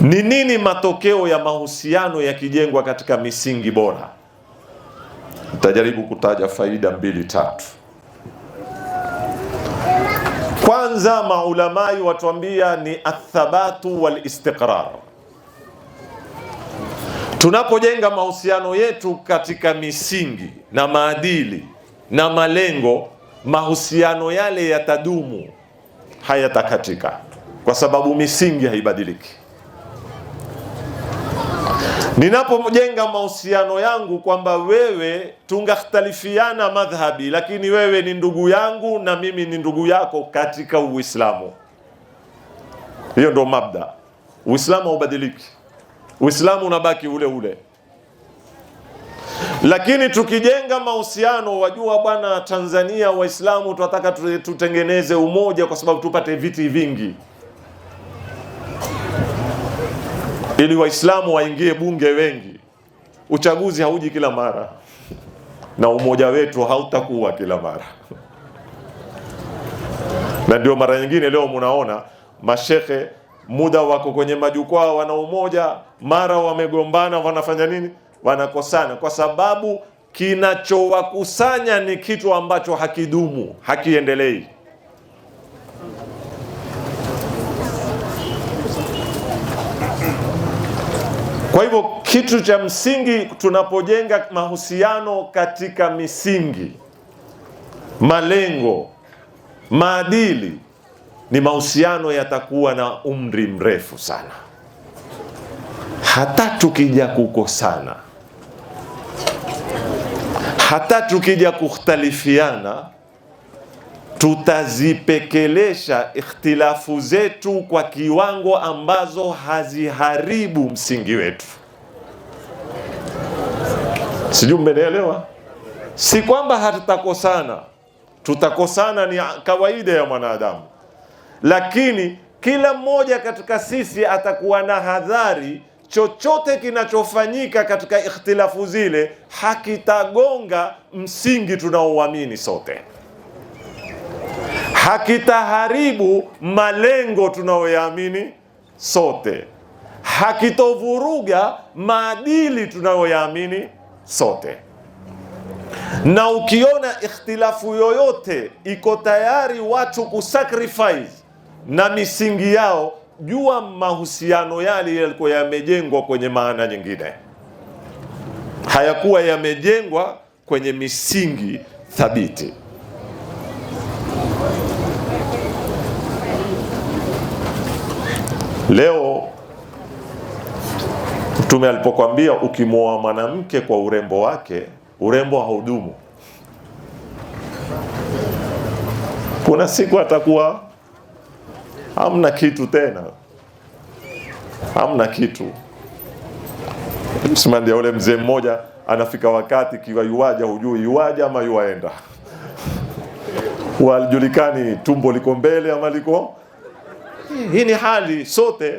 Ni nini matokeo ya mahusiano yakijengwa katika misingi bora? Nitajaribu kutaja faida mbili tatu. Kwanza, maulamai watuambia ni athabatu walistiqrar. Tunapojenga mahusiano yetu katika misingi na maadili na malengo, mahusiano yale yatadumu, hayatakatika, kwa sababu misingi haibadiliki. Ninapojenga mahusiano yangu kwamba wewe tungahtalifiana madhhabi, lakini wewe ni ndugu yangu na mimi ni ndugu yako katika Uislamu. Hiyo ndo mabda. Uislamu haubadiliki, Uislamu unabaki ule ule. Lakini tukijenga mahusiano, wajua bwana, Tanzania Waislamu tunataka tutengeneze umoja, kwa sababu tupate viti vingi ili Waislamu waingie bunge wengi. Uchaguzi hauji kila mara na umoja wetu hautakuwa kila mara, na ndio mara nyingine leo munaona mashehe muda wako kwenye majukwaa, wana umoja, mara wamegombana, wanafanya nini? Wanakosana kwa sababu kinachowakusanya ni kitu ambacho hakidumu, hakiendelei. Kwa hivyo kitu cha msingi tunapojenga mahusiano katika misingi, malengo, maadili, ni mahusiano yatakuwa na umri mrefu sana. Hata tukija kukosana, hata tukija kukhtalifiana tutazipekelesha ikhtilafu zetu kwa kiwango ambazo haziharibu msingi wetu. Sijui mmenielewa? Si kwamba hatutakosana, tutakosana, ni kawaida ya mwanadamu, lakini kila mmoja katika sisi atakuwa na hadhari. Chochote kinachofanyika katika ikhtilafu zile hakitagonga msingi tunaouamini sote hakitaharibu malengo tunayoyaamini sote, hakitovuruga maadili tunayoyaamini sote. Na ukiona ikhtilafu yoyote iko tayari watu kusacrifice na misingi yao, jua mahusiano yale yalikuwa yamejengwa kwenye maana nyingine, hayakuwa yamejengwa kwenye misingi thabiti. Leo Mtume alipokwambia ukimwoa mwanamke kwa urembo wake, urembo haudumu. Kuna siku atakuwa hamna kitu tena, hamna kitu. Msimandi ya ule mzee mmoja, anafika wakati kiwa yuwaja, hujui yuwaja ama yuwaenda, walijulikani tumbo liko mbele ama liko hii ni hali sote.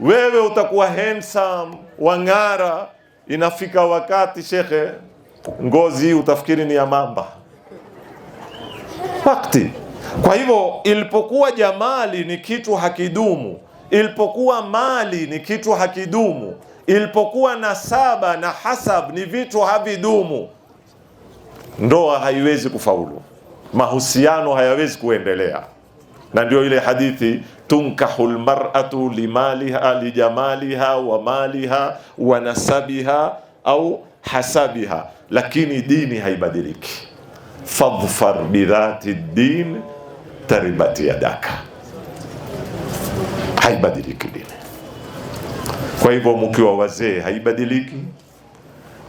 Wewe utakuwa handsome, wang'ara, inafika wakati shekhe, ngozi utafikiri ni ya mamba wakati. Kwa hivyo ilipokuwa jamali ni kitu hakidumu, ilipokuwa mali ni kitu hakidumu, ilipokuwa nasaba na hasab ni vitu havidumu, ndoa haiwezi kufaulu, mahusiano hayawezi kuendelea na ndio ile hadithi tunkahu lmaratu limaliha lijamaliha wa maliha wa nasabiha au hasabiha, lakini dini haibadiliki. fadhfar bidhati din taribati yadaka, haibadiliki dini. Kwa hivyo mkiwa wazee haibadiliki.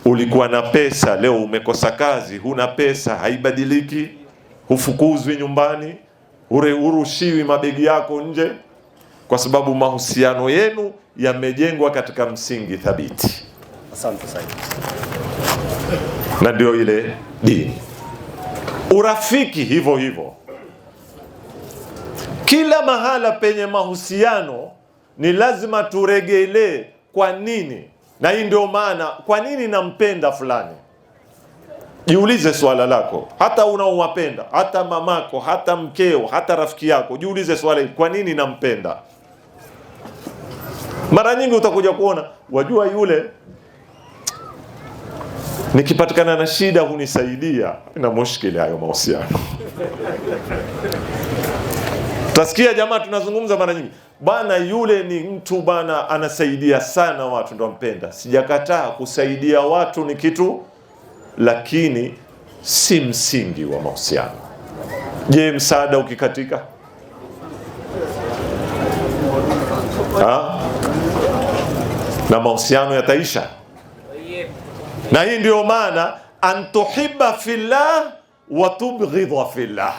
Ulikuwa na pesa, leo umekosa kazi, huna pesa, haibadiliki. Hufukuzwi nyumbani ure urushiwi mabegi yako nje, kwa sababu mahusiano yenu yamejengwa katika msingi thabiti. Asante sana. Na ndio ile dini, urafiki hivyo hivyo. Kila mahala penye mahusiano ni lazima turegelee, kwa nini? Na hii ndio maana kwa nini nampenda fulani Jiulize swala lako, hata unaowapenda, hata mamako, hata mkeo, hata rafiki yako, jiulize swala hili, kwa nini nampenda? Mara nyingi utakuja kuona, wajua yule nikipatikana na shida hunisaidia. Na mushkili hayo mahusiano Tasikia jamaa tunazungumza mara nyingi, bana, yule ni mtu bana, anasaidia sana watu, ndo mpenda. Sijakataa kusaidia watu, ni kitu lakini si msingi wa mahusiano. Je, msaada ukikatika ha? na mahusiano yataisha. Na hii ndiyo maana antuhiba fillah wa tubghidha fillah,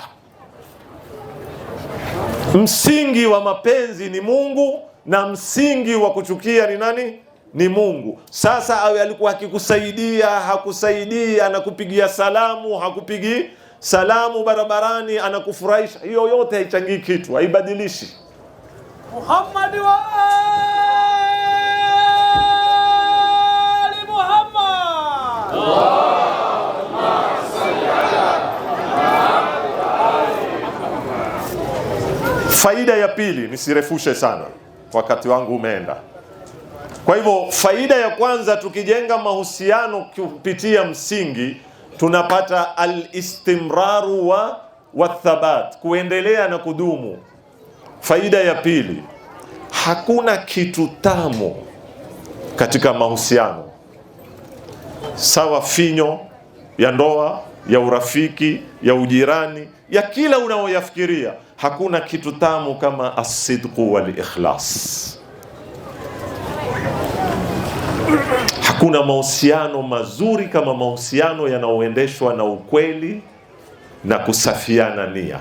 msingi wa mapenzi ni Mungu na msingi wa kuchukia ni nani? ni Mungu. Sasa awe alikuwa akikusaidia, hakusaidia, anakupigia salamu, hakupigi salamu barabarani, anakufurahisha, hiyo yote haichangii kitu, haibadilishi Muhammad wa ali Muhammad. Faida ya pili, nisirefushe sana, wakati wangu umeenda. Kwa hivyo faida ya kwanza, tukijenga mahusiano kupitia msingi tunapata alistimraru wa wathabat, kuendelea na kudumu. Faida ya pili, hakuna kitu tamu katika mahusiano sawa finyo ya ndoa, ya urafiki, ya ujirani, ya kila unaoyafikiria, hakuna kitu tamu kama asidqu walikhlas ikhlas. Hakuna mahusiano mazuri kama mahusiano yanayoendeshwa na ukweli na kusafiana nia,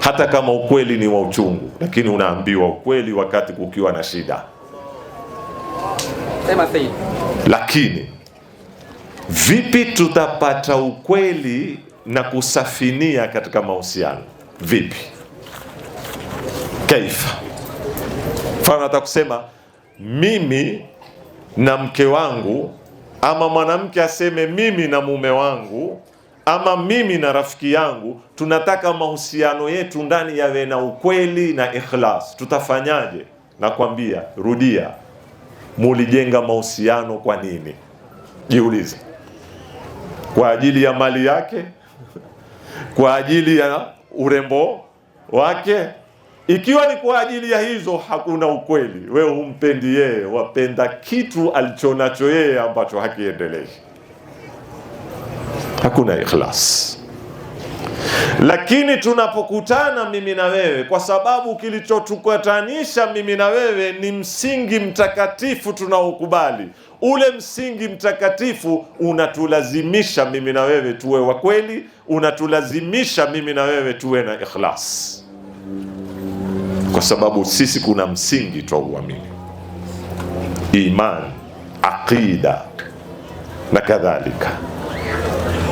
hata kama ukweli ni wa uchungu, lakini unaambiwa ukweli wakati kukiwa na shida. Lakini vipi tutapata ukweli na kusafinia katika mahusiano? Vipi? Kaifa mfano atakusema mimi na mke wangu, ama mwanamke aseme mimi na mume wangu, ama mimi na rafiki yangu. Tunataka mahusiano yetu ndani yawe na ukweli na ikhlas. Tutafanyaje? Nakwambia, rudia, mulijenga mahusiano kwa nini? Jiulize, kwa ajili ya mali yake? Kwa ajili ya urembo wake? Ikiwa ni kwa ajili ya hizo, hakuna ukweli. Wewe humpendi yeye, wapenda kitu alichonacho yeye ambacho hakiendelei, hakuna ikhlas. Lakini tunapokutana mimi na wewe, kwa sababu kilichotukutanisha mimi na wewe ni msingi mtakatifu tunaokubali. Ule msingi mtakatifu unatulazimisha mimi na wewe tuwe wa kweli, unatulazimisha mimi na wewe tuwe na ikhlas kwa sababu sisi kuna msingi twa uamini iman aqida na kadhalika.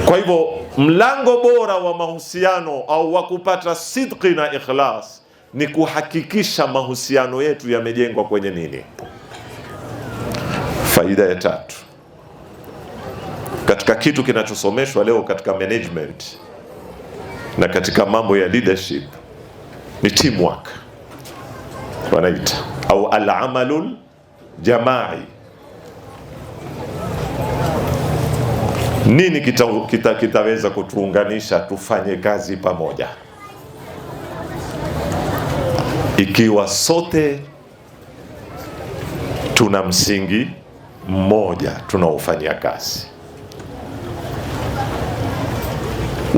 Kwa hivyo mlango bora wa mahusiano au wa kupata sidqi na ikhlas ni kuhakikisha mahusiano yetu yamejengwa kwenye nini? Faida ya tatu katika kitu kinachosomeshwa leo katika management na katika mambo ya leadership ni teamwork wanaita au alamalul jamai. Nini kitaweza kita, kita kutuunganisha tufanye kazi pamoja ikiwa sote tuna msingi mmoja tunaofanyia kazi?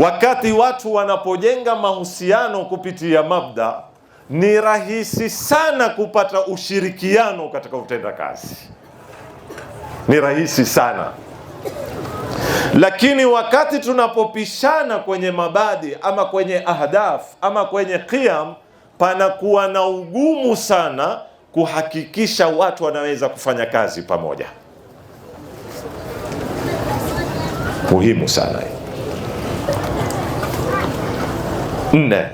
Wakati watu wanapojenga mahusiano kupitia mabda ni rahisi sana kupata ushirikiano katika utenda kazi, ni rahisi sana lakini wakati tunapopishana kwenye mabadi ama kwenye ahdaf ama kwenye qiyam, panakuwa na ugumu sana kuhakikisha watu wanaweza kufanya kazi pamoja. Muhimu sana nne.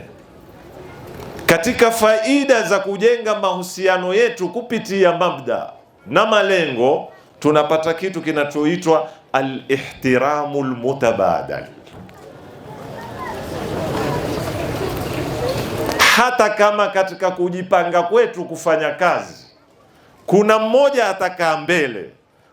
Katika faida za kujenga mahusiano yetu kupitia mabda na malengo, tunapata kitu kinachoitwa al-ihtiramu al-mutabadal. Hata kama katika kujipanga kwetu kufanya kazi kuna mmoja atakaa mbele,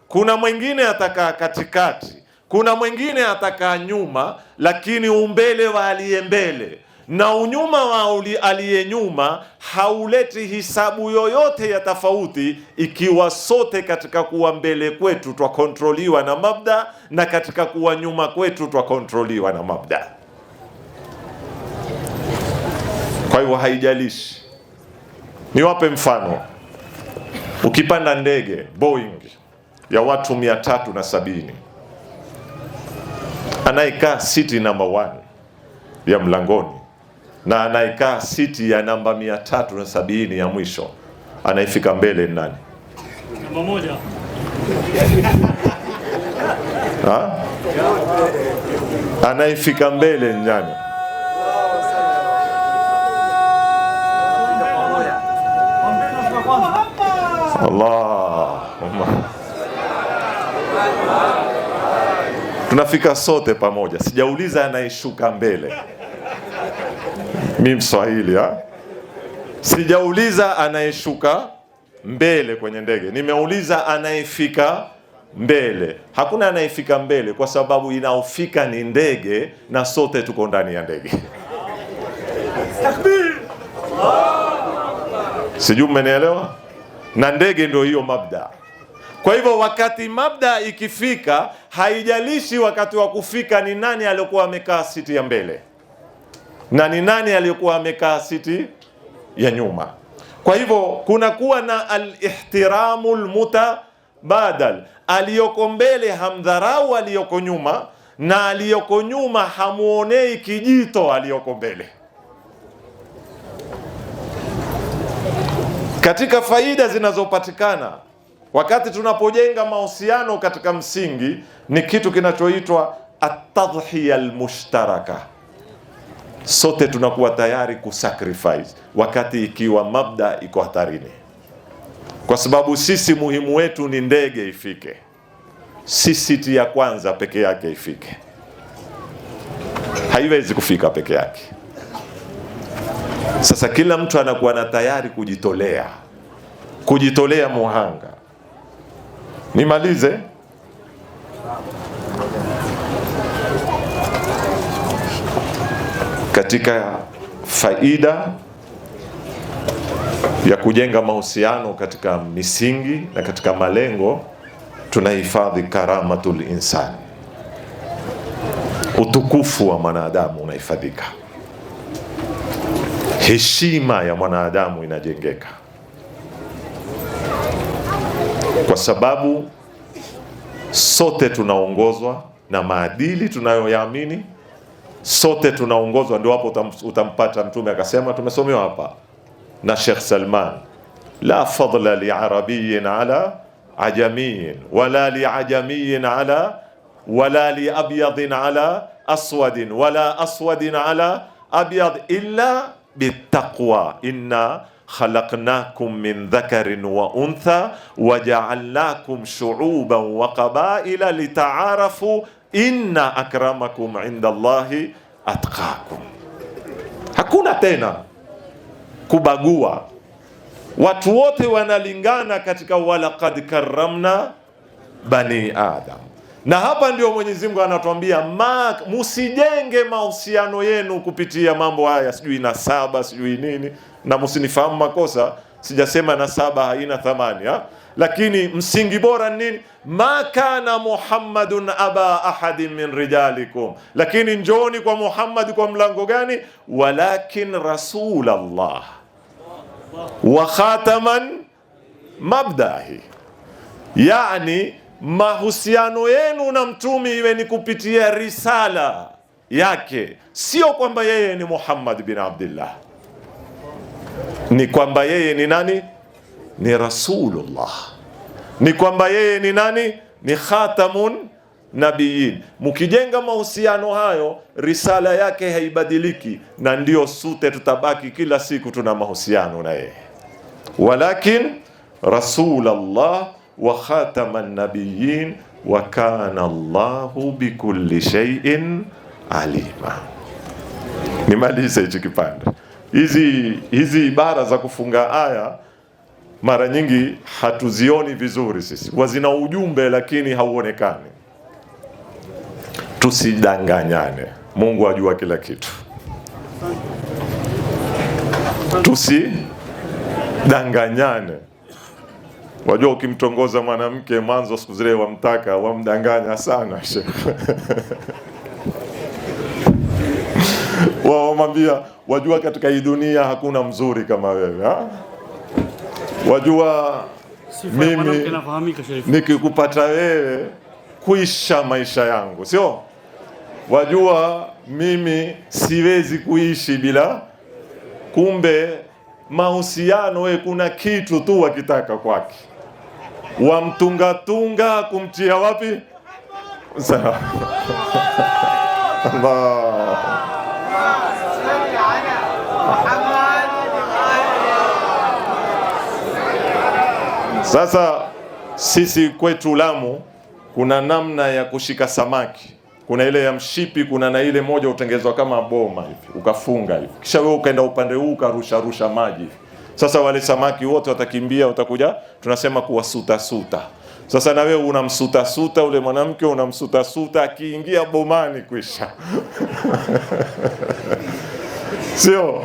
kuna mwingine atakaa katikati, kuna mwingine atakaa nyuma, lakini umbele wa aliye mbele na unyuma wa aliye nyuma hauleti hisabu yoyote ya tofauti, ikiwa sote katika kuwa mbele kwetu twakontroliwa na mabda na katika kuwa nyuma kwetu twakontroliwa na mabda. Kwa hivyo haijalishi. Niwape mfano, ukipanda ndege Boeing ya watu mia tatu na sabini anayekaa siti namba 1 ya mlangoni na anaikaa siti ya namba mia tatu na sabini ya mwisho, anaifika mbele nani? Namba moja. Ha? Anaifika mbele nani? Allah. tunafika sote pamoja. Sijauliza anaishuka mbele mi Mswahili ha? Sijauliza anayeshuka mbele kwenye ndege, nimeuliza anayefika mbele. Hakuna anayefika mbele, kwa sababu inaofika ni ndege na sote tuko ndani ya ndege. Sijui mmenielewa, na ndege ndio hiyo mabda. Kwa hivyo wakati mabda ikifika, haijalishi wakati wa kufika ni nani aliyokuwa amekaa siti ya mbele na ni nani aliyokuwa amekaa siti ya nyuma. Kwa hivyo kuna kuwa na alihtiramu lmutabadal, aliyoko mbele hamdharau aliyoko nyuma, na aliyoko nyuma hamuonei kijito aliyoko mbele. Katika faida zinazopatikana wakati tunapojenga mahusiano katika msingi ni kitu kinachoitwa atadhiya almushtaraka sote tunakuwa tayari kusacrifice wakati ikiwa mabda iko hatarini, kwa sababu sisi muhimu wetu ni ndege ifike, si siti ya kwanza peke yake ifike, haiwezi kufika peke yake. Sasa kila mtu anakuwa na tayari kujitolea, kujitolea muhanga. Nimalize. katika faida ya kujenga mahusiano katika misingi na katika malengo, tunahifadhi karamatul insani, utukufu wa mwanadamu unahifadhika, heshima ya mwanadamu inajengeka, kwa sababu sote tunaongozwa na maadili tunayoyaamini sote tunaongozwa, ndio hapo utam, utampata Mtume akasema, tumesomewa hapa na Sheikh Salman, la fadla liarabiyin ala ajamiyin wala liajamiyin ala wala liabyadin ala aswadin wala aswadin ala abyad illa bitaqwa inna khalaqnakum min dhakarin wa untha wajaalnakum shuuban wa qabaila litaarafu inna akramakum inda Allahi atqakum. Hakuna tena kubagua, watu wote wanalingana katika walaqad karramna bani adam. Na hapa ndio Mwenyezi Mungu anatuambia musijenge mahusiano yenu kupitia mambo haya, sijui na saba sijui nini, na msinifahamu makosa, sijasema na saba haina thamani ha? lakini msingi bora nini? ma kana Muhammadun aba ahadin min rijalikum, lakini njooni kwa Muhammad kwa mlango gani? walakin rasul Allah wa khataman mabdahi, yani mahusiano yenu na mtume iwe ni kupitia risala yake, sio kwamba yeye ni Muhammad bin Abdullah, ni kwamba yeye ni nani? ni Rasulullah, ni kwamba yeye ni nani? Ni khatamun nabiyin. Mkijenga mahusiano hayo, risala yake haibadiliki, na ndio sute tutabaki kila siku tuna mahusiano na yeye, walakin Rasulullah wa khataman nabiyin wa kana Allahu bikulli shay'in alima. Nimalize hichi kipande, hizi hizi ibara za kufunga aya mara nyingi hatuzioni vizuri sisi, kwa zina ujumbe lakini hauonekani. Tusidanganyane, Mungu ajua kila kitu. Tusidanganyane. Wajua, ukimtongoza mwanamke mwanzo, siku zile wamtaka, wamdanganya sana wao wamwambia, wajua katika hii dunia hakuna mzuri kama wewe ha? Wajua mimi nikikupata wewe kuisha maisha yangu, sio? Wajua mimi siwezi kuishi bila. Kumbe mahusiano, we kuna kitu tu wakitaka kwake, wamtungatunga kumtia wapi? Sawa. Sasa sisi kwetu Lamu kuna namna ya kushika samaki, kuna ile ya mshipi, kuna na ile moja utengezwa kama boma hivi ukafunga hivi, kisha wewe ukaenda upande huu ukarusha rusha maji. Sasa wale samaki wote watakimbia, watakuja, tunasema kuwa suta. Sasa na wewe unamsutasuta ule mwanamke unamsutasuta, akiingia bomani kwisha sio?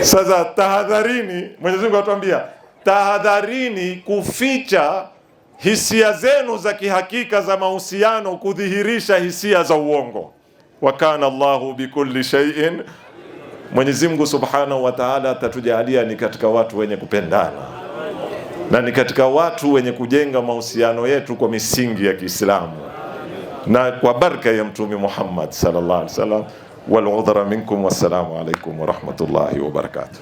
Sasa tahadharini, Mwenyezi Mungu atuambia tahadharini kuficha hisia zenu za kihakika za mahusiano, kudhihirisha hisia za uongo. Wa kana Allahu bikulli shay'in, Mwenyezi Mungu Subhanahu wa Ta'ala atatujalia ni katika watu wenye kupendana na ni katika watu wenye kujenga mahusiano yetu kwa misingi ya Kiislamu na kwa baraka ya Mtume Muhammad sallallahu alaihi wasallam. Wal udhra minkum, wassalamu alaikum wa barakatuh.